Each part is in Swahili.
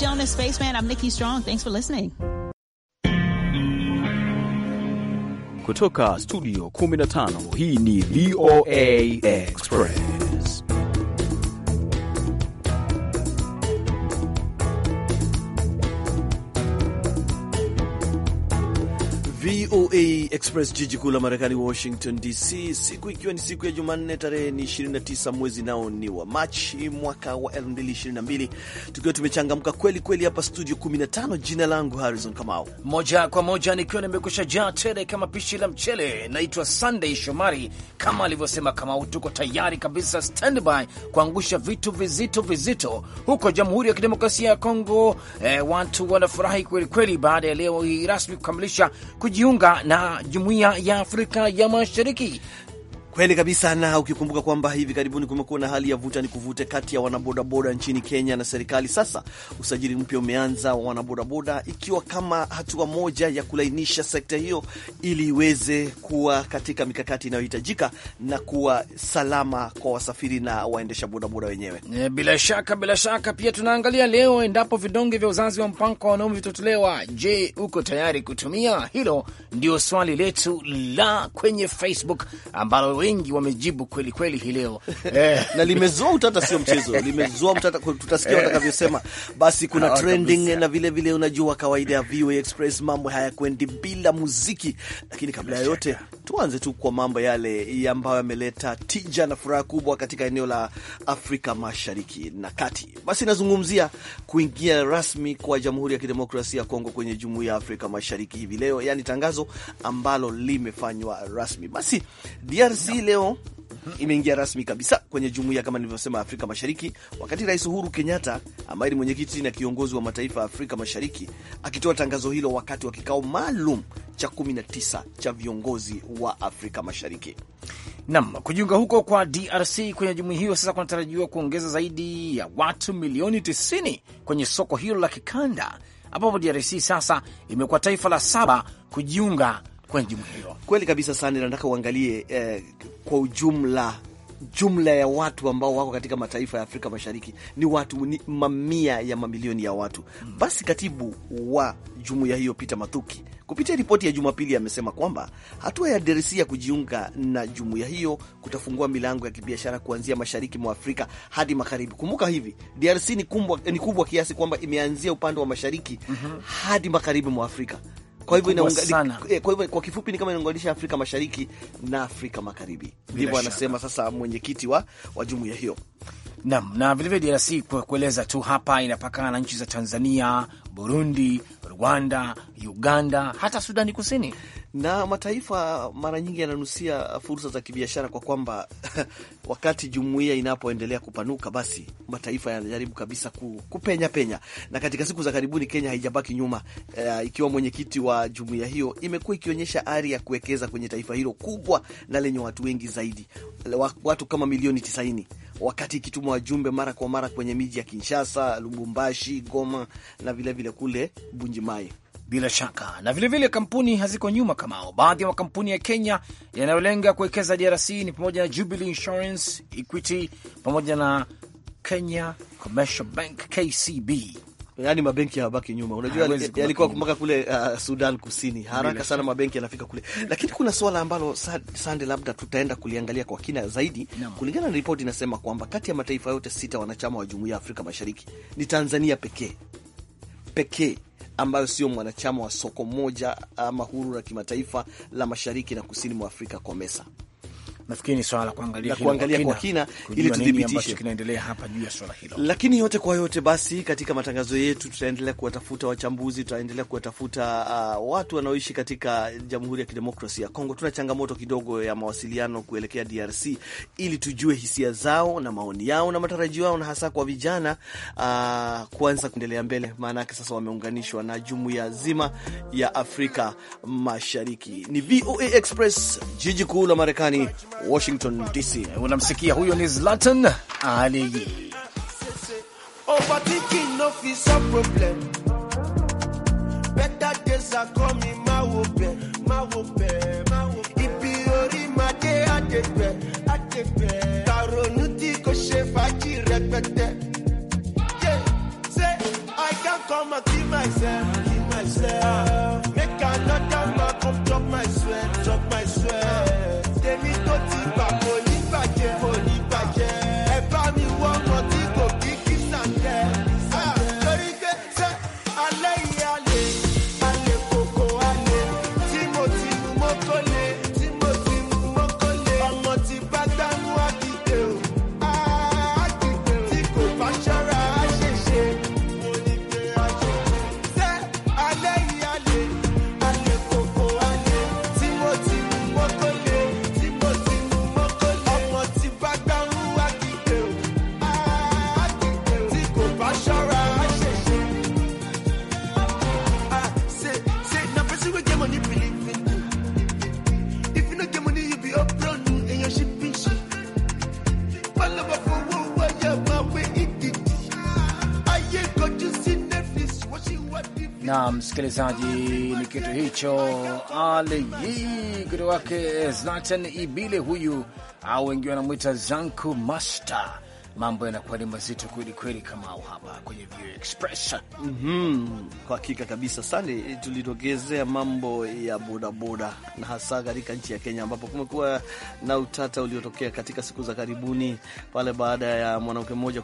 Jonas Spaceman. I'm Nikki Strong. Thanks for listening. Kutoka studio 15 hii ni VOA Express. Express, jiji kuu la Marekani, Washington DC, siku ikiwa ni siku ya Jumanne, tarehe ni 29 mwezi nao ni wa Machi mwaka wa 2022, tukiwa tumechangamka kweli kweli hapa studio 15. Jina langu Harrison Kamau, moja kwa moja nikiwa nimekusha jaa tele kama pishi la mchele. Naitwa Sunday Shomari, kama alivyosema Kamau, tuko tayari kabisa, standby kuangusha vitu vizito vizito huko Jamhuri ya Kidemokrasia ya Kongo. Eh, watu wanafurahi kweli kweli baada ya leo hii rasmi kukamilisha kujiunga na jumuiya ya Afrika ya Mashariki Kweli kabisa, na ukikumbuka kwamba hivi karibuni kumekuwa na hali ya vuta ni kuvute kati ya wanabodaboda nchini Kenya na serikali. Sasa usajili mpya umeanza wa wanabodaboda, ikiwa kama hatua moja ya kulainisha sekta hiyo ili iweze kuwa katika mikakati inayohitajika na kuwa salama kwa wasafiri na waendesha bodaboda wenyewe. E, bila shaka, bila shaka, pia tunaangalia leo endapo vidonge vya uzazi wa mpango wa wanaume vitatolewa. Je, uko tayari kutumia? Hilo ndio swali letu la kwenye Facebook ambalo wengi wamejibu kweli kweli hii leo eh. na limezua utata, sio mchezo, limezua utata, tutasikia eh. watakavyosema. Basi kuna Hawa trending Na vile vile unajua kawaida ya VOA Express mambo hayakwendi bila muziki, lakini kabla ya yote tuanze tu kwa mambo yale ambayo yameleta tija na furaha kubwa katika eneo la Afrika Mashariki na Kati. Basi nazungumzia kuingia rasmi kwa Jamhuri ya Kidemokrasia ya Kongo kwenye Jumuiya ya Afrika Mashariki hivi leo, yani tangazo ambalo limefanywa rasmi. Basi DRC leo imeingia rasmi kabisa kwenye jumuiya kama nilivyosema, Afrika Mashariki, wakati Rais Uhuru Kenyatta ambaye ni mwenyekiti na kiongozi wa mataifa ya Afrika Mashariki akitoa tangazo hilo wakati wa kikao maalum cha 19 cha viongozi wa Afrika Mashariki. Nam, kujiunga huko kwa DRC kwenye jumuiya hiyo sasa kunatarajiwa kuongeza zaidi ya watu milioni 90 kwenye soko hilo la kikanda, ambapo DRC sasa imekuwa taifa la saba kujiunga kwenye juma hilo. Kweli kabisa sana, nataka uangalie eh, kwa ujumla jumla ya watu ambao wako katika mataifa ya Afrika Mashariki ni watu ni mamia ya mamilioni ya watu. Hmm. Basi katibu wa jumuiya hiyo Peter Mathuki kupitia ripoti ya Jumapili amesema kwamba hatua ya DRC ya kujiunga na jumuiya hiyo kutafungua milango ya kibiashara kuanzia mashariki mwa Afrika hadi magharibi. Kumbuka hivi DRC ni kubwa, ni kubwa kiasi kwamba imeanzia upande wa mashariki mm -hmm. hadi magharibi mwa Afrika kwa hivyo inaunga eh, Kwa hivyo kwa kifupi ni kama inaunganisha Afrika Mashariki na Afrika Magharibi, ndivyo anasema sasa mwenyekiti wa, wa jumuiya hiyo. Naam, na vile DRC kwa kueleza tu hapa inapakana na nchi za Tanzania, Burundi, Rwanda, Uganda, hata Sudani Kusini na mataifa mara nyingi yananusia fursa za kibiashara kwa kwamba wakati jumuiya inapoendelea kupanuka, basi mataifa yanajaribu kabisa kupenya penya, na katika siku za karibuni Kenya haijabaki nyuma e, ikiwa mwenyekiti wa jumuiya hiyo imekuwa ikionyesha ari ya kuwekeza kwenye taifa hilo kubwa na lenye watu wengi zaidi, watu kama milioni tisaini wakati ikituma wajumbe mara kwa mara kwenye miji ya Kinshasa, Lubumbashi, Goma na vilevile vile kule Bunjimai bila shaka. Na vilevile vile kampuni haziko nyuma kamao. Baadhi ya makampuni ya Kenya yanayolenga kuwekeza DRC ni pamoja na Jubilee Insurance, Equity pamoja na Kenya Commercial Bank KCB. Yaani mabenki yanabaki nyuma. Unajua yalikuwa mpaka kule uh, Sudan Kusini haraka sana mabenki yanafika kule, lakini kuna suala ambalo sande, labda tutaenda kuliangalia kwa kina zaidi no. Kulingana na ripoti inasema kwamba kati ya mataifa yote sita wanachama wa Jumuiya ya Afrika Mashariki ni Tanzania pekee pekee ambayo sio mwanachama wa soko moja ama huru la kimataifa la mashariki na kusini mwa Afrika, COMESA nafikiri ni swala la kuangalia kwa kina ili tudhibitishe kinaendelea hapa juu ya swala hilo. Lakini yote kwa yote, basi katika matangazo yetu tutaendelea kuwatafuta wachambuzi, tutaendelea kuwatafuta uh, watu wanaoishi katika Jamhuri ya Kidemokrasia ya Kongo. Tuna changamoto kidogo ya mawasiliano kuelekea DRC ili tujue hisia zao na maoni yao na matarajio yao, na hasa kwa vijana uh, kuanza kuendelea mbele, maanake sasa wameunganishwa na jumuiya zima ya Afrika Mashariki. Ni VOA Express, jiji kuu la Marekani Washington DC. Unamsikia huyo ni Zlatan Ali. Say I can come and keep myself, keep myself. msikilizaji, ni kitu hicho alii kuto wake Zlatan Ibile huyu au wengi wanamwita Zanku Masta mambo yanakuwa ni mazito kweli kweli, kama au hapa kwenye View Express. mm -hmm. Kwa hakika kabisa sande, eh, tulitokezea mambo ya bodaboda na hasa katika nchi ya Kenya ambapo kumekuwa na utata uliotokea katika siku za karibuni pale baada ya mwanamke mmoja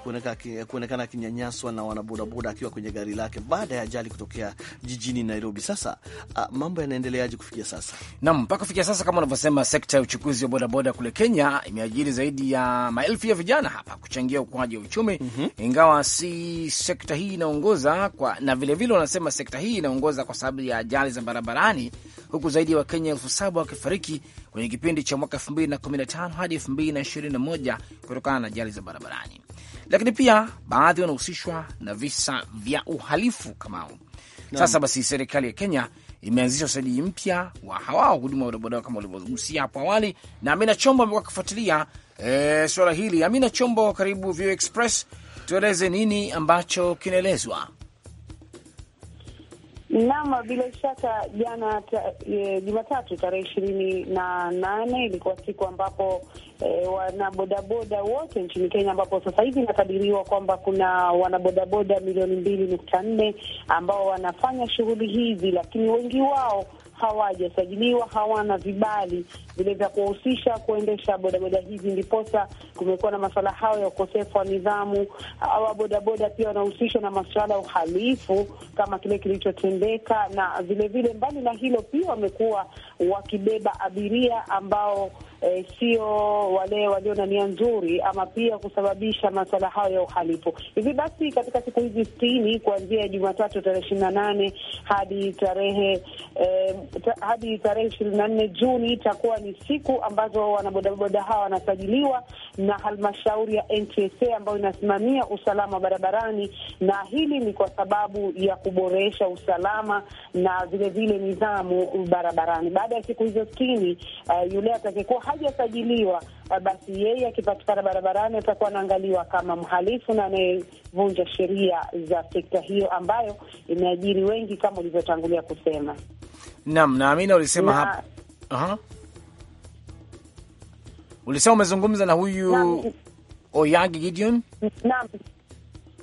kuonekana akinyanyaswa na wanabodaboda akiwa kwenye gari lake baada ya ajali kutokea jijini Nairobi. Sasa a, ah, mambo yanaendeleaje kufikia sasa? Naam, mpaka kufikia sasa kama unavyosema, sekta ya uchukuzi wa bodaboda kule Kenya imeajiri zaidi ya maelfu ya vijana hapa kuchangia ukuaji wa uchumi mm -hmm. Ingawa si sekta hii inaongoza kwa, na vilevile wanasema sekta hii inaongoza kwa sababu ya ajali za barabarani, huku zaidi ya wa Wakenya elfu saba wakifariki kwenye kipindi cha mwaka 2015 hadi 2021 kutokana na ajali za barabarani, lakini pia baadhi wanahusishwa na visa vya uhalifu kama kamao. Sasa basi, serikali ya Kenya imeanzisha usajili mpya wa hawao huduma wa bodaboda kama walivyogusia hapo awali, na Amina Chombo amekuwa akifuatilia e, swala hili. Amina Chombo, karibu View Express, tueleze nini ambacho kinaelezwa. Naam, bila shaka jana e, Jumatatu tarehe ishirini na nane ilikuwa siku ambapo e, wanabodaboda wote nchini Kenya, ambapo sasa hivi inakadiriwa kwamba kuna wanabodaboda milioni mbili nukta nne ambao wanafanya shughuli hizi, lakini wengi wao hawajasajiliwa, hawana vibali vile vya kuwahusisha kuendesha bodaboda hizi, ndiposa kumekuwa na masuala hayo ya ukosefu wa nidhamu. Hawa bodaboda pia wanahusishwa na masuala ya uhalifu kama kile kilichotendeka, na vilevile, mbali na hilo, pia wamekuwa wakibeba abiria ambao e, sio wale walio na nia nzuri, ama pia kusababisha maswala hayo ya uhalifu. Hivi basi katika siku hizi sitini kuanzia Jumatatu tarehe ishirini na nane hadi tarehe e, ta, hadi tarehe ishirini na nne Juni itakuwa ni siku ambazo wanabodaboda hawa wanasajiliwa na halmashauri ya NTSA ambayo inasimamia usalama wa barabarani, na hili ni kwa sababu ya kuboresha usalama na vilevile nidhamu barabarani baada ya siku hizo skini uh, yule atakayekuwa hajasajiliwa uh, basi yeye akipatikana barabarani atakuwa anaangaliwa kama mhalifu na anayevunja sheria za sekta hiyo ambayo imeajiri wengi kama ulivyotangulia kusema. Naam, naamini ulisema na, hapa uh-huh. Ulisema umezungumza na huyu na, Oyagi Gideon. Naam.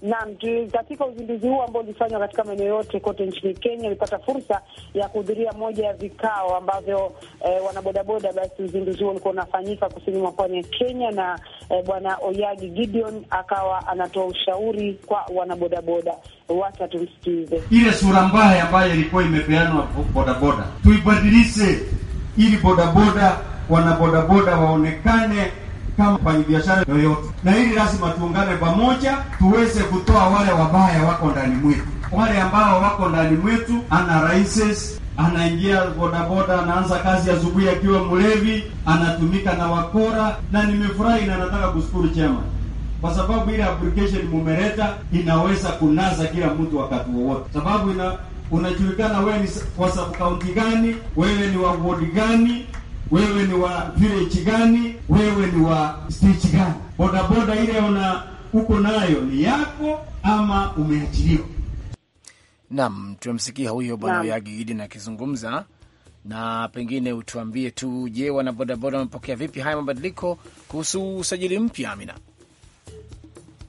Naam, katika uzinduzi huu ambao ulifanywa katika maeneo yote kote nchini Kenya, ulipata fursa ya kuhudhuria moja ya vikao ambavyo eh, wanabodaboda basi, uzinduzi huo ulikuwa unafanyika kusini mwa pwani ya Kenya na eh, Bwana Oyagi Gideon akawa anatoa ushauri kwa wanabodaboda. Wacha tumsikize. Ile sura mbaya ambayo ilikuwa imepeanwa bodaboda tuibadilishe, ili bodaboda wanabodaboda waonekane kama kwenye biashara yoyote, na hili lazima tuungane pamoja, tuweze kutoa wale wabaya wako ndani mwetu, wale ambao wako ndani mwetu. Ana raises anaingia bodaboda, anaanza kazi asubuhi akiwa mlevi, anatumika na wakora. Na nimefurahi na nataka kushukuru chama kwa sababu ile application mumeleta inaweza kunaza kila mtu wakati wowote, sababu ina- unajulikana wewe ni kwa sub county gani, wewe ni wa ward gani wewe ni wa village gani, wewe ni wa stage gani, bodaboda ile una uko nayo ni yako ama umeachiliwa. Naam, tumemsikia huyo bwana Yagi na akizungumza na pengine utuambie tu, je, wana bodaboda wamepokea vipi haya mabadiliko kuhusu usajili mpya Amina?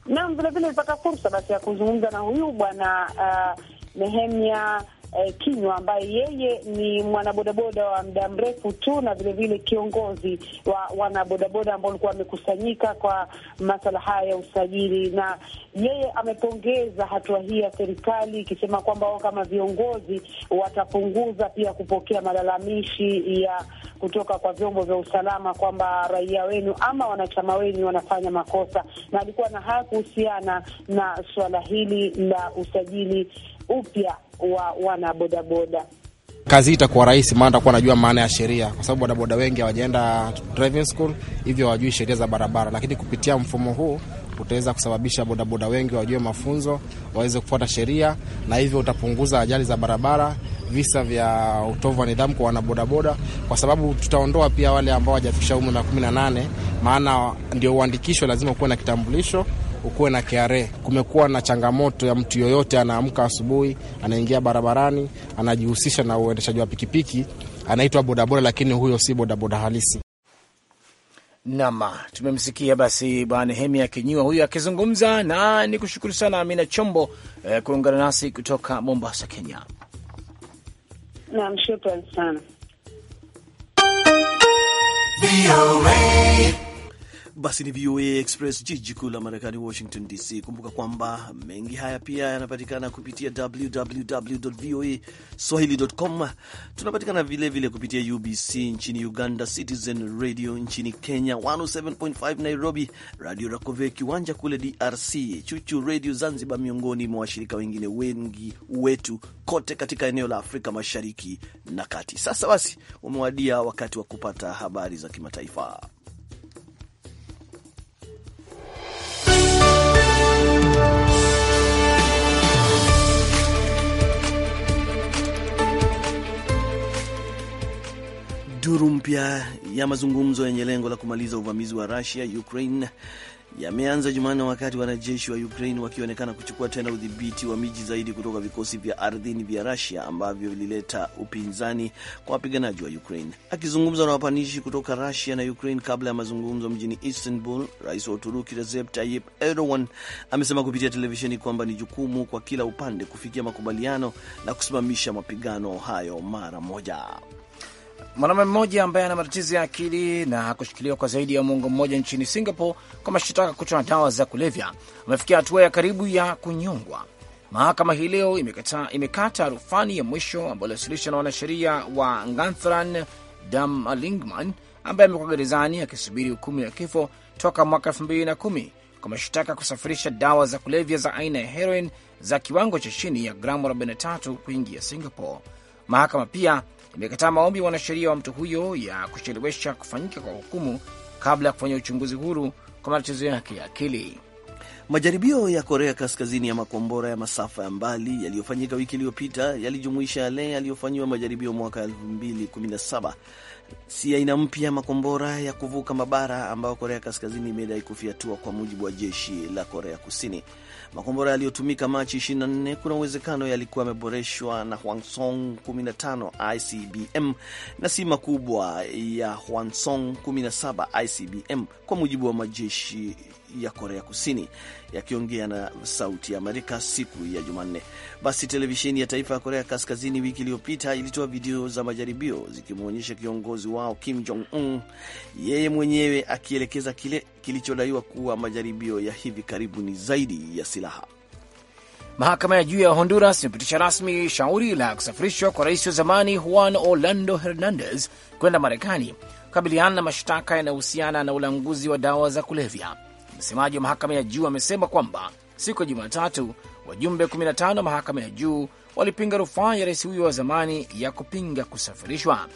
Naam, vilevile nilipata fursa basi ya kuzungumza na huyu bwana uh, Nehemia eh, Kinywa ambaye yeye ni mwanabodaboda wa muda mrefu tu na vilevile kiongozi wa wanabodaboda ambao walikuwa wamekusanyika kwa masala haya ya usajili, na yeye amepongeza hatua hii ya serikali ikisema kwamba wao kama viongozi watapunguza pia kupokea malalamishi ya kutoka kwa vyombo vya usalama kwamba raia wenu ama wanachama wenu wanafanya makosa, na alikuwa na haya kuhusiana na suala hili la usajili upya wa wana bodaboda. Kazi hii itakuwa rahisi, maana takuwa najua maana ya sheria, kwa sababu bodaboda wengi hawajaenda driving school, hivyo hawajui sheria za barabara, lakini kupitia mfumo huu utaweza kusababisha bodaboda wengi wajue mafunzo, waweze kufuata sheria, na hivyo utapunguza ajali za barabara, visa vya utovu wa nidhamu kwa wanabodaboda, kwa sababu tutaondoa pia wale ambao hawajafikisha umri wa kumi na nane, maana ndio uandikisho lazima kuwe na kitambulisho ukuwe na KRA. Kumekuwa na changamoto ya mtu yoyote anaamka asubuhi, anaingia barabarani, anajihusisha na uendeshaji wa pikipiki, anaitwa bodaboda, lakini huyo si bodaboda halisi. nam tumemsikia basi Bwana Hemi akinyua huyo akizungumza, na ni kushukuru sana Amina Chombo eh, kuungana nasi kutoka Mombasa, Kenya. nam shukran sana. Basi ni VOA Express, jiji kuu la Marekani, Washington DC. Kumbuka kwamba mengi haya pia yanapatikana kupitia www voa swahili.com. Tunapatikana vilevile kupitia UBC nchini Uganda, Citizen Radio nchini Kenya, 107.5 Nairobi, Radio Rakove Kiwanja kule DRC, Chuchu Radio Zanzibar, miongoni mwa washirika wengine wengi wetu kote katika eneo la Afrika Mashariki na Kati. Sasa basi, umewadia wakati wa kupata habari za kimataifa. duru mpya ya mazungumzo yenye lengo la kumaliza uvamizi wa Russia Ukraine yameanza Jumanne, wakati wanajeshi wa Ukraine wakionekana kuchukua tena udhibiti wa miji zaidi kutoka vikosi vya ardhini vya Russia ambavyo vilileta upinzani kwa wapiganaji wa Ukraine. Akizungumza na wapandishi kutoka Russia na Ukraine kabla ya mazungumzo mjini Istanbul, rais wa Uturuki Recep Tayyip Erdogan amesema kupitia televisheni kwamba ni jukumu kwa kila upande kufikia makubaliano na kusimamisha mapigano hayo mara moja. Mwanaume mmoja ambaye ana matatizo ya akili na kushikiliwa kwa zaidi ya mwongo mmoja nchini Singapore kwa mashtaka kuchwa na dawa za kulevya amefikia hatua ya karibu ya kunyongwa. Mahakama hii leo imekata, imekata rufani ya mwisho ambayo iliwasilishwa na wanasheria wa ganthran Damalingman ambaye amekuwa gerezani akisubiri hukumu ya kifo toka mwaka elfu mbili na kumi kwa mashtaka ya kusafirisha dawa za kulevya za aina ya heroin za kiwango cha chini ya gramu 43 kuingia Singapore. Mahakama pia imekataa maombi ya wa mtu huyo ya kuchelewesha kufanyika kwa hukumu kabla ya kufanya uchunguzi huru kwa matatizo yake ya akili. Majaribio ya Korea Kaskazini ya makombora ya masafa ya mbali yaliyofanyika wiki iliyopita yalijumuisha yale yaliyofanyiwa majaribio mwaka 2017 si aina mpya ya makombora ya kuvuka mabara ambayo Korea Kaskazini imedai kufiatua, kwa mujibu wa jeshi la Korea Kusini. Makombora yaliyotumika Machi 24 kuna uwezekano yalikuwa yameboreshwa na Hwangsong 15 ICBM na si makubwa ya Hwangsong 17 ICBM, kwa mujibu wa majeshi ya Korea Kusini, yakiongea na Sauti ya Amerika siku ya Jumanne. Basi televisheni ya taifa ya Korea Kaskazini wiki iliyopita ilitoa video za majaribio zikimwonyesha kiongozi wao Kim Jong Un yeye mwenyewe akielekeza kile kilichodaiwa kuwa majaribio ya hivi karibuni zaidi ya silaha. Mahakama ya juu ya Honduras imepitisha rasmi shauri la kusafirishwa kwa rais wa zamani Juan Orlando Hernandez kwenda Marekani kukabiliana na mashtaka yanayohusiana na ulanguzi wa dawa za kulevya. Msemaji wa mahakama ya juu amesema kwamba siku ya Jumatatu wajumbe 15 wa mahakama ya juu walipinga rufaa ya rais huyo wa zamani ya kupinga kusafirishwa.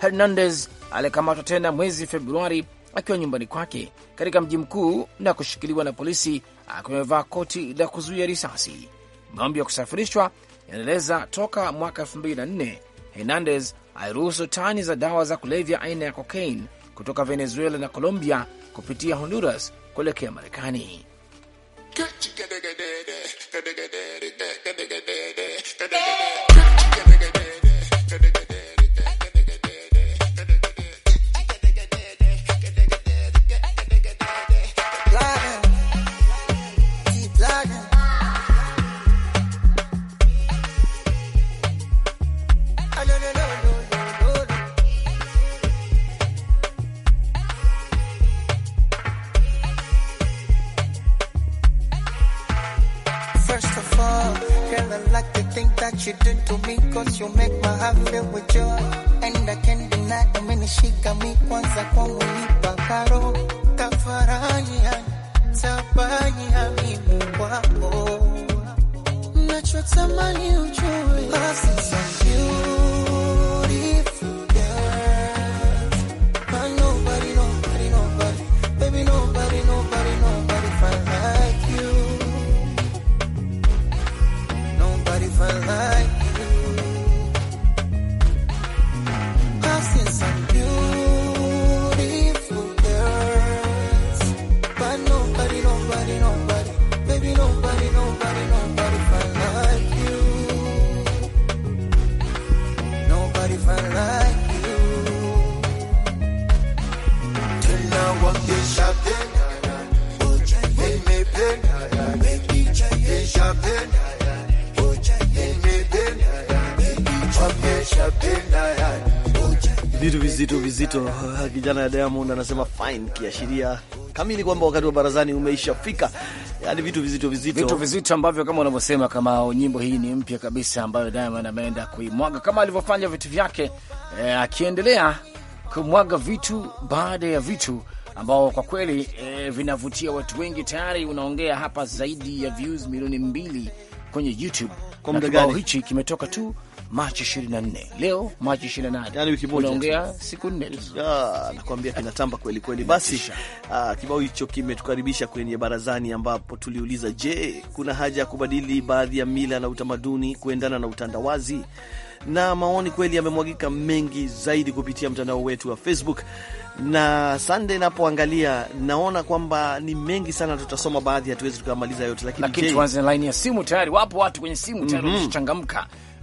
Hernandez alikamatwa tena mwezi Februari akiwa nyumbani kwake katika mji mkuu na kushikiliwa na polisi akiwa amevaa koti la kuzuia risasi. Maombi ya kusafirishwa yanaeleza toka mwaka 2004 Hernandez aliruhusu tani za dawa za kulevya aina ya kokain kutoka Venezuela na Colombia kupitia Honduras kuelekea Marekani. you do to me, cause you make my heart fill with joy. And I can't deny the minute she mzito. Eh, kijana ya Diamond anasema fine, kiashiria kamili kwamba wakati wa barazani umeisha fika. Yani vitu vizito vizito, vitu vizito ambavyo kama unavyosema, kama nyimbo hii ni mpya kabisa ambayo Diamond ameenda kuimwaga kama alivyofanya vitu vyake, eh, akiendelea kumwaga vitu baada ya vitu ambao kwa kweli eh, vinavutia watu wengi. Tayari unaongea hapa zaidi ya views milioni mbili kwenye YouTube, na kibao hichi kimetoka tu Machi 24. Leo Machi 28, yani wiki moja, tunaongea siku nne tu. Ah, nakwambia kinatamba kweli kweli. Basi ah, kibao hicho kimetukaribisha kwenye barazani, ambapo tuliuliza, je, kuna haja ya kubadili baadhi ya mila na utamaduni kuendana na utandawazi? Na maoni kweli yamemwagika mengi zaidi kupitia mtandao wetu wa Facebook na Sunday napoangalia naona kwamba ni mengi sana, tutasoma baadhi, hatuwezi tukamaliza yote, lakini tuanze na laini ya simu. Tayari wapo watu kwenye simu tayari mm -hmm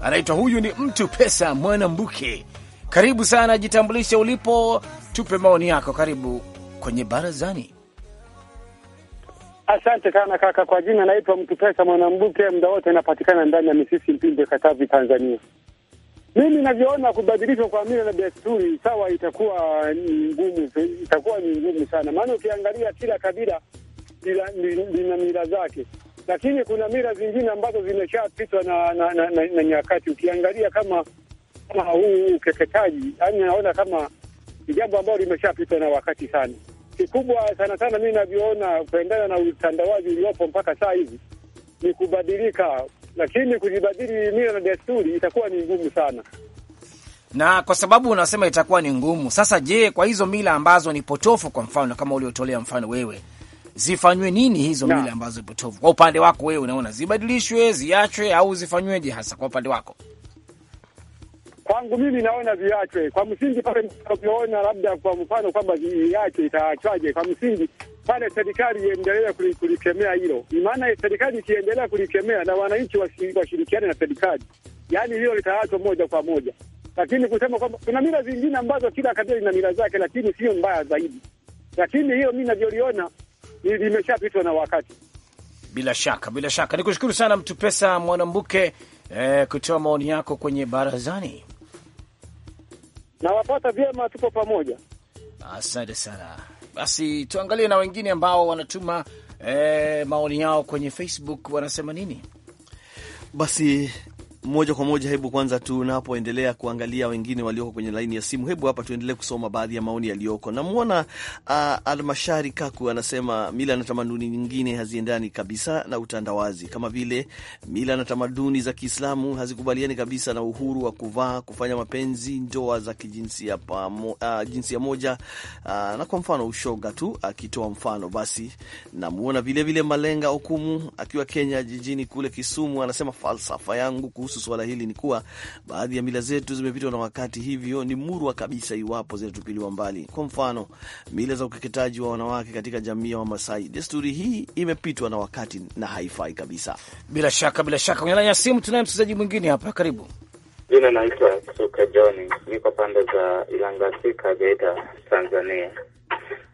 anaitwa huyu ni mtu pesa Mwanambuke. Karibu sana, jitambulishe ulipo, tupe maoni yako, karibu kwenye barazani. Asante sana kaka. Kwa jina naitwa mtu pesa Mwanambuke, muda wote anapatikana ndani ya misisi Mpimbe, Katavi, Tanzania. Mimi navyoona kubadilishwa kwa mila na desturi, sawa, itakuwa ni ngumu, itakuwa ni ngumu sana, maana ukiangalia kila kabila lina mila zake lakini kuna mila zingine ambazo zimeshapitwa na, na, na, na, na nyakati. Ukiangalia kama kama huu ukeketaji, yaani naona kama ni jambo ambalo limeshapitwa na wakati sana. Kikubwa sana sana mi navyoona kuendana na utandawazi uliopo mpaka saa hivi ni kubadilika, lakini kujibadili mila na desturi itakuwa ni ngumu sana na kwa sababu unasema itakuwa ni ngumu sasa. Je, kwa hizo mila ambazo ni potofu, kwa mfano kama uliotolea mfano wewe, zifanywe nini hizo mila ambazo potovu? Kwa upande wako wewe unaona zibadilishwe, ziachwe au zifanyweje hasa kwa upande wako? Kwangu mimi naona ziachwe kwa msingi pale tunavyoona, labda kwa mfano kwamba ziache, itaachwaje? Kwa msingi pale serikali iendelee kulikemea hilo, maana serikali ikiendelea kulikemea na wananchi washirikiane na serikali, yaani hilo litaachwa moja kwa moja. Lakini kusema kwamba kuna mila zingine ambazo kila kabila ina mila zake, lakini sio mbaya zaidi. Lakini hiyo mi navyoliona limeshapitwa na wakati. Bila shaka, bila shaka, ni kushukuru sana mtu pesa Mwanambuke eh, kutoa maoni yako kwenye barazani. Nawapata vyema, tupo pamoja. Asante sana. Basi tuangalie na wengine ambao wanatuma eh, maoni yao kwenye Facebook, wanasema nini? Basi moja kwa moja, hebu kwanza tunapoendelea kuangalia wengine walioko kwenye laini ya simu, hebu hapa tuendelee kusoma baadhi ya maoni yaliyoko. Namwona uh, Almashari Kaku anasema mila na tamaduni nyingine haziendani kabisa na utandawazi, kama vile mila na tamaduni za Kiislamu hazikubaliani kabisa na uhuru wa kuvaa, kufanya mapenzi, ndoa za kijinsia uh, jinsia moja uh, na kwa mfano ushoga tu akitoa uh, mfano basi. Namwona vilevile Malenga Okumu akiwa Kenya, jijini kule Kisumu, anasema falsafa yangu kuhusu kuhusu suala hili ni kuwa baadhi ya mila zetu zimepitwa na wakati, hivyo ni murwa kabisa iwapo zinatupiliwa mbali. Kwa mfano, mila za ukeketaji wa wanawake katika jamii ya Wamasai, desturi hii imepitwa na wakati na haifai kabisa. Bila shaka, bila shaka. Kwenye laini ya simu tunaye msikilizaji mwingine hapa, karibu. Jina naitwa Suka Johni, niko pande za Ilangasika, Geita, Tanzania.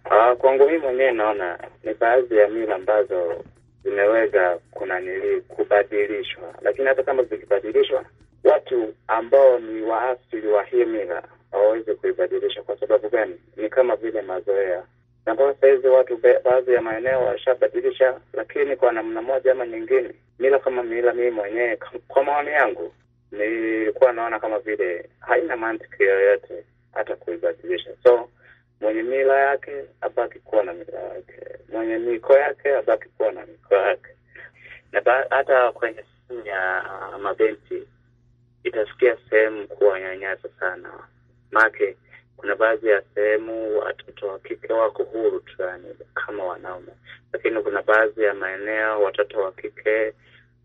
Ah, kwangu mii mwenyewe naona ni baadhi ya mila ambazo zimeweza kuna nili kubadilishwa, lakini hata kama zikibadilishwa, watu ambao ni waasili wa hii mila hawawezi kuibadilisha. Kwa sababu gani? Ni kama vile mazoea, na mpaka sahizi watu baadhi ya maeneo washabadilisha, lakini kwa namna moja ama nyingine, mila kama mila, mimi mwenyewe kwa maoni yangu nilikuwa naona kama vile haina mantiki yoyote hata kuibadilisha so Mwenye mila yake abaki kuwa na mila yake, mwenye miko yake abaki kuwa na miko yake. Na hata kwenye uh, sehemu ya mabenti itafikia sehemu kuwa nyanyasa sana, make kuna baadhi ya sehemu watoto wa kike wako huru tu, yani kama wanaume, lakini kuna baadhi ya maeneo watoto wa kike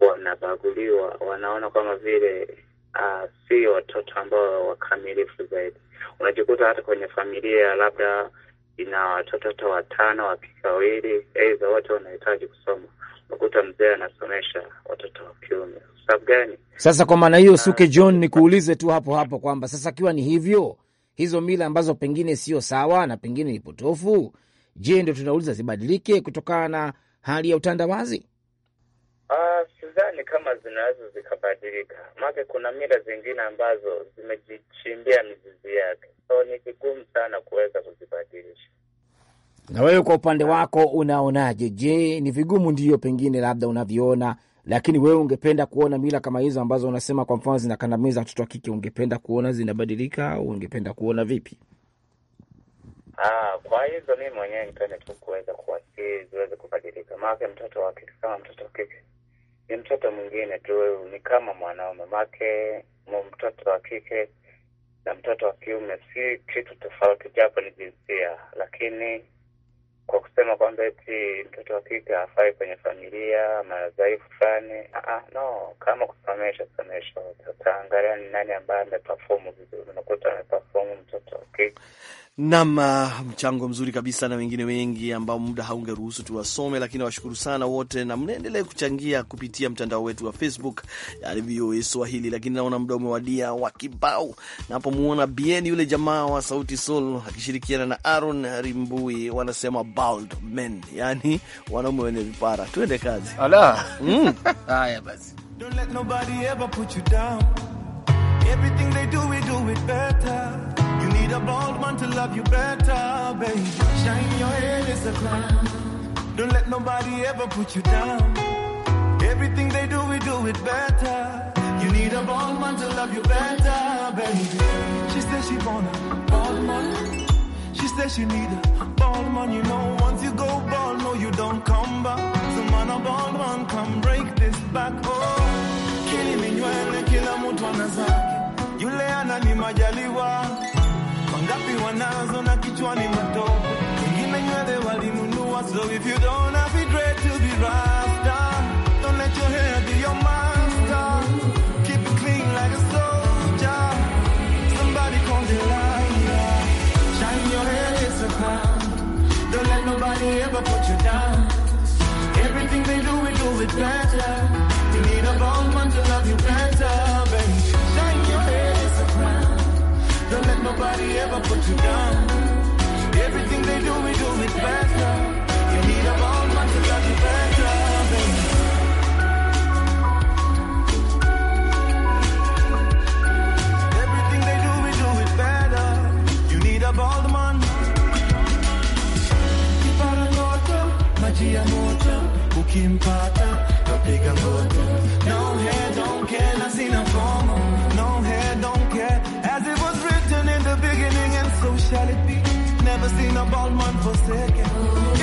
wanabaguliwa, wanaona kama vile uh, si watoto ambao wakamilifu zaidi. Unajikuta hata kwenye familia labda ina watoto hata watano wapike wawili, aidha wote wanahitaji kusoma, unakuta mzee anasomesha watoto wa kiume. Sababu gani? Sasa kwa maana hiyo, Suke ah, John, nikuulize tu hapo hapo kwamba sasa akiwa ni hivyo, hizo mila ambazo pengine sio sawa na pengine ni potofu, je, ndio tunauliza zibadilike kutokana na hali ya utandawazi? Uh, sidhani kama zinaweza zikabadilika, make kuna mila zingine ambazo zimejichimbia mizizi yake, so ni vigumu sana kuweza kuzibadilisha. Na wewe kwa upande wako unaonaje? Je, ni vigumu? Ndiyo, pengine labda unavyoona, lakini wewe ungependa kuona mila kama hizo ambazo unasema kwa mfano zinakandamiza watoto wa kike, ungependa kuona zinabadilika au ungependa kuona vipi? Aa, ah, kwa hizo mi mwenyewe nipende tu kuweza kuwasii ziweze kubadilika, maake mtoto wa kike kama mtoto wa kike ni mtoto mwingine tu, ni kama mwanaume make mtoto wa kike na mtoto wa kiume si kitu tofauti, japo ni jinsia. Lakini kwa kusema kwamba eti mtoto wa kike hafai kwenye familia ama dhaifu fulani, ah, no. Kama kusomesha somesha, tutaangalia ni nani ambaye ameperform vizuri. Unakuta ameperform mtoto wa kike Nam, ah, mchango mzuri kabisa, na wengine wengi ambao muda haungeruhusu tuwasome, lakini washukuru sana wote, na mnaendelea kuchangia kupitia mtandao wetu wa Facebook VOA Swahili. Lakini naona muda umewadia wa kibao, napomwona Bien yule jamaa wa Sauti Sol akishirikiana na Aaron Rimbui wanasema bald men, yani wanaume wenye vipara. Tuende kazi. Mm. Haya basi Don't let You need a bold man to love you better, baby. Shine your head is a crown. Don't let nobody ever put you down. Everything they do, we do it better. You need a bold man to love you better, baby. She says she wanna bold man. She says she need a bold man. You know, once you go bald, no, you don't come back. So man, a bold man come break this back. Oh, kill him killing me, nywele, kila mtu anazake. Yule anani majaliwa wangapi wanazo na kichwani wengine nywele walinunua, so if you don't have it great to be rasta, don't let your hair be your master, keep it clean like a soldier, somebody call the shine your hair, it's a crown, don't let nobody ever put you down, everything they do, we do it better. nobody ever put you down. Everything they do, we do it better. You need a bomb to love you better, baby. Everything they do, we do it better. You need a man. No hair, don't care, na never seen a bald man forsaken.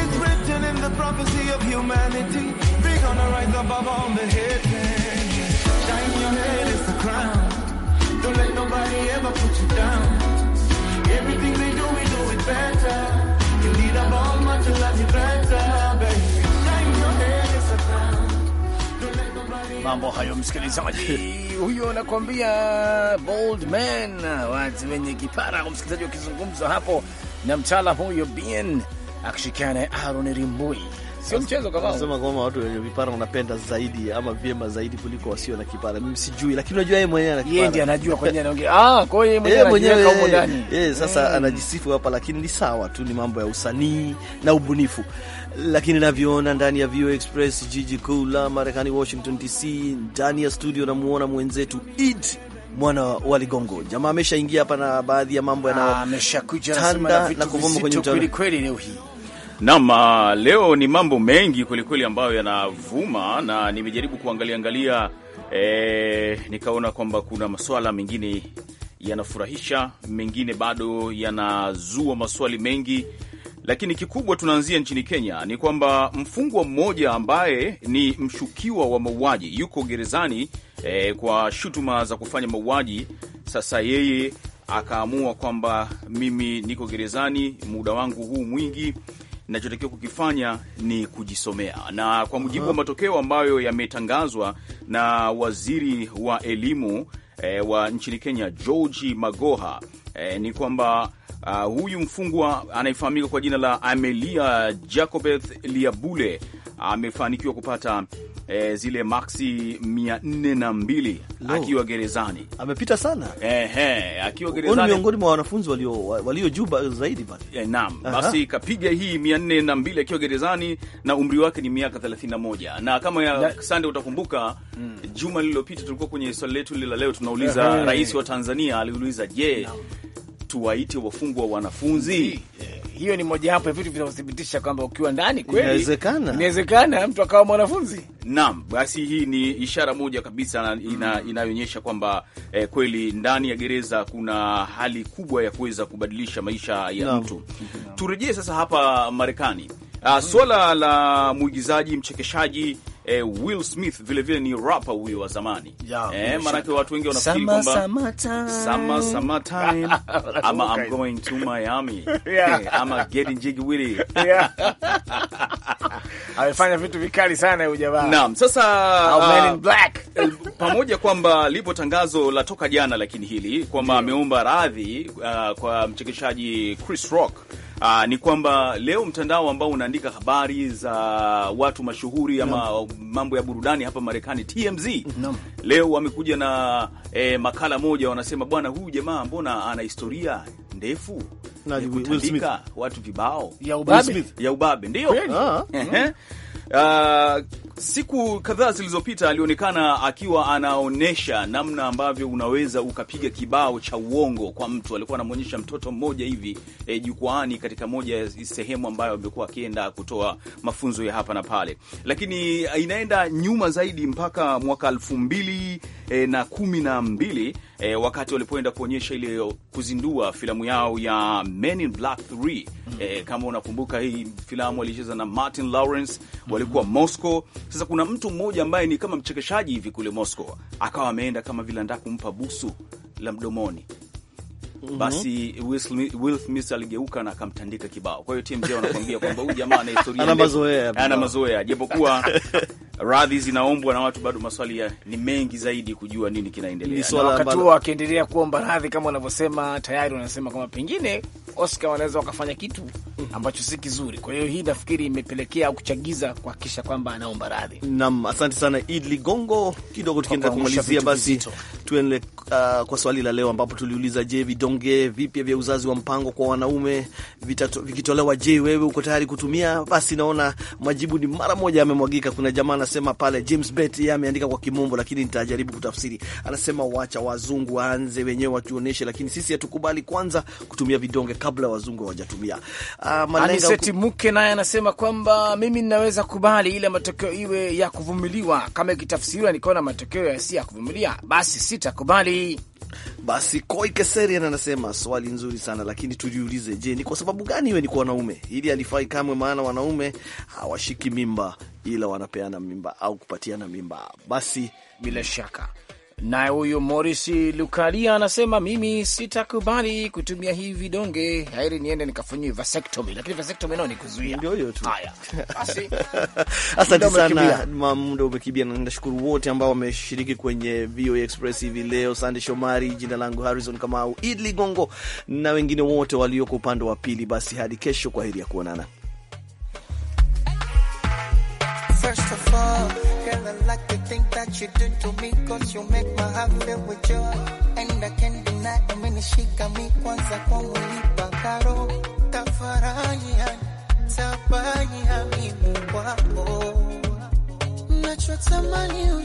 It's written in the prophecy of humanity. We're gonna rise above all the Shine your head, crown. Don't let nobody ever put you down. Everything do, we do it better. You need a bald man to love you better, baby. Mambo hayo msikilizaji, huyo anakuambia bold man, watu wenye kipara. Msikilizaji wakizungumza hapo na mtaalam huyo BN akishirikiana naye Aaron Rimbui. Sio mchezo kama anasema kwamba watu wenye vipara wanapenda zaidi ama vyema zaidi kuliko wasio na kipara. Mimi sijui, lakini unajua yeye mwenyewe ana kipara. Yeye ndiye anajua kwa nini anaongea. Ah, kwa hiyo yeye mwenyewe anajiweka huko ndani. Yeye sasa mm. anajisifu hapa, lakini ni sawa tu, ni mambo ya usanii na ubunifu. Lakini navyoona ndani ya VOA Express, jiji kuu la Marekani Washington DC, ndani ya studio namuona mwenzetu Eid mwana wa Ligongo. Jamaa ameshaingia hapa na baadhi ya mambo yanayotanda ah, na kuvuma kwenye mtandao kweli leo hii. Naam, ah, leo ni mambo mengi kwelikweli ambayo yanavuma na nimejaribu kuangalia angalia, e, eh, nikaona kwamba kuna masuala mengine yanafurahisha, mengine bado yanazua maswali mengi, lakini kikubwa tunaanzia nchini Kenya ni kwamba mfungwa mmoja ambaye ni mshukiwa wa mauaji yuko gerezani e, kwa shutuma za kufanya mauaji. Sasa yeye akaamua kwamba mimi niko gerezani, muda wangu huu mwingi nachotakiwa kukifanya ni kujisomea. Na kwa mujibu wa matokeo ambayo yametangazwa na waziri wa elimu e, wa nchini Kenya George Magoha e, ni kwamba uh, huyu mfungwa anayefahamika kwa jina la Amelia Jacobeth Liabule amefanikiwa kupata e, zile maksi mia nne na mbili akiwa gerezani. Amepita sana ehe, akiwa gerezani, miongoni mwa wanafunzi walio, walio juu zaidi basi. e, eh, naam. Basi kapiga hii mia nne na mbili akiwa gerezani na umri wake ni miaka 31 na kama ya sande utakumbuka, mm. juma lililopita tulikuwa kwenye swali letu lile la leo tunauliza, rais wa Tanzania aliuliza, je, tuwaite wafungwa wanafunzi? hiyo ni mojawapo ya vitu vinavyothibitisha kwamba ukiwa ndani kweli inawezekana, inawezekana mtu akawa mwanafunzi. Naam, basi hii ni ishara moja kabisa ina, inayoonyesha kwamba eh, kweli ndani ya gereza kuna hali kubwa ya kuweza kubadilisha maisha ya Naam. mtu. Turejee sasa hapa Marekani, uh, ah, swala la mwigizaji mchekeshaji eh, Will Smith vile vile ni rapa huyo wa zamani eh, maanake watu wengi wanafikiri kwamba sama sama time ama I'm going to Miami yeah. Eh, ama getting jiggy with it yeah. amefanya vitu vikali sana huyo jamaa. Naam, sasa uh, in black eh, pamoja kwamba lipo tangazo la toka jana, lakini hili kwamba ameomba radhi uh, kwa mchekeshaji Chris Rock Aa, ah, ni kwamba leo mtandao ambao unaandika habari za watu mashuhuri ama no. mambo ya burudani hapa Marekani TMZ no. leo wamekuja na e, makala moja, wanasema bwana, huyu jamaa mbona ana historia ndefu na ya kutandika watu vibao ya ubabe, ya ubabe ndio Siku kadhaa zilizopita alionekana akiwa anaonyesha namna ambavyo unaweza ukapiga kibao cha uongo kwa mtu. Alikuwa anamwonyesha mtoto mmoja hivi e, jukwaani katika moja ya sehemu ambayo amekuwa akienda kutoa mafunzo ya hapa na pale, lakini e, inaenda nyuma zaidi mpaka mwaka elfu mbili e, na kumi na mbili e, wakati walipoenda kuonyesha ile kuzindua filamu yao ya Men in Black 3 e, kama unakumbuka hii filamu walicheza na Martin Lawrence, walikuwa Moscow sasa kuna mtu mmoja ambaye ni kama mchekeshaji hivi kule Moscow, akawa ameenda kama vile anataka kumpa busu la mdomoni. Mm -hmm. Basi Will Smith aligeuka na akamtandika kibao. Kwa hiyo TMJ wanakuambia kwamba huyu jamaa ana historia, ana mazoea, japokuwa radhi zinaombwa na watu, bado maswali ya, ni mengi zaidi kujua nini kinaendelea. Wakati huo wakiendelea kuomba radhi kama wanavyosema tayari, wanasema kwamba pengine Oscar wanaweza wakafanya kitu hmm. ambacho si kizuri. Kwa hiyo hii nafikiri imepelekea kuchagiza kuhakikisha kwamba anaomba radhi. Naam, asante sana Id Ligongo. Kidogo tukienda kumalizia basi tuende uh, kwa swali la leo ambapo tuliuliza, je, vidonge vipya vya uzazi wa mpango kwa wanaume vikitolewa je, wewe uko tayari kutumia? Basi naona majibu ni mara moja yamemwagika. Kuna jamaa anasema pale, James Bet yeye ameandika kwa kimombo, lakini nitajaribu kutafsiri. Anasema wacha wazungu waanze wenyewe watuoneshe, lakini sisi hatukubali kwanza kutumia vidonge kabla wazungu hawajatumia. Uh, ah, Aniseti uku... mke naye anasema kwamba mimi ninaweza kubali ile matokeo iwe ya kuvumiliwa. Kama ikitafsiriwa nikaona matokeo si ya kuvumilia, basi sitakubali. Basi Koi Keserian anasema swali nzuri sana lakini tujiulize, je, ni kwa sababu gani iwe ni kwa wanaume? Hili alifai kamwe, maana wanaume hawashiki mimba, ila wanapeana mimba au kupatiana mimba. Basi bila shaka Naye huyu Morris Lukalia anasema mimi sitakubali kutumia hii vidonge, hairi niende nikafanyiwe vasectomy, lakini vasectomy nao ni kuzuia. Ndio hiyo tu. Haya basi, asante sana, muda umekibia, na nashukuru wote ambao wameshiriki kwenye VOA Express hivi leo, Sande Shomari, jina langu Harrison Kamau, Idli Gongo na wengine wote walioko upande wa pili. Basi hadi kesho, kwa heri ya kuonana. first of all. Girl, I like the thing that you do to me, cause you make my heart fill with joy. And I can't deny, she I'm, umenishika mi kwanza kwa mulipa karo. Tafaraji tabanyi habibu kwako, nachotamani you.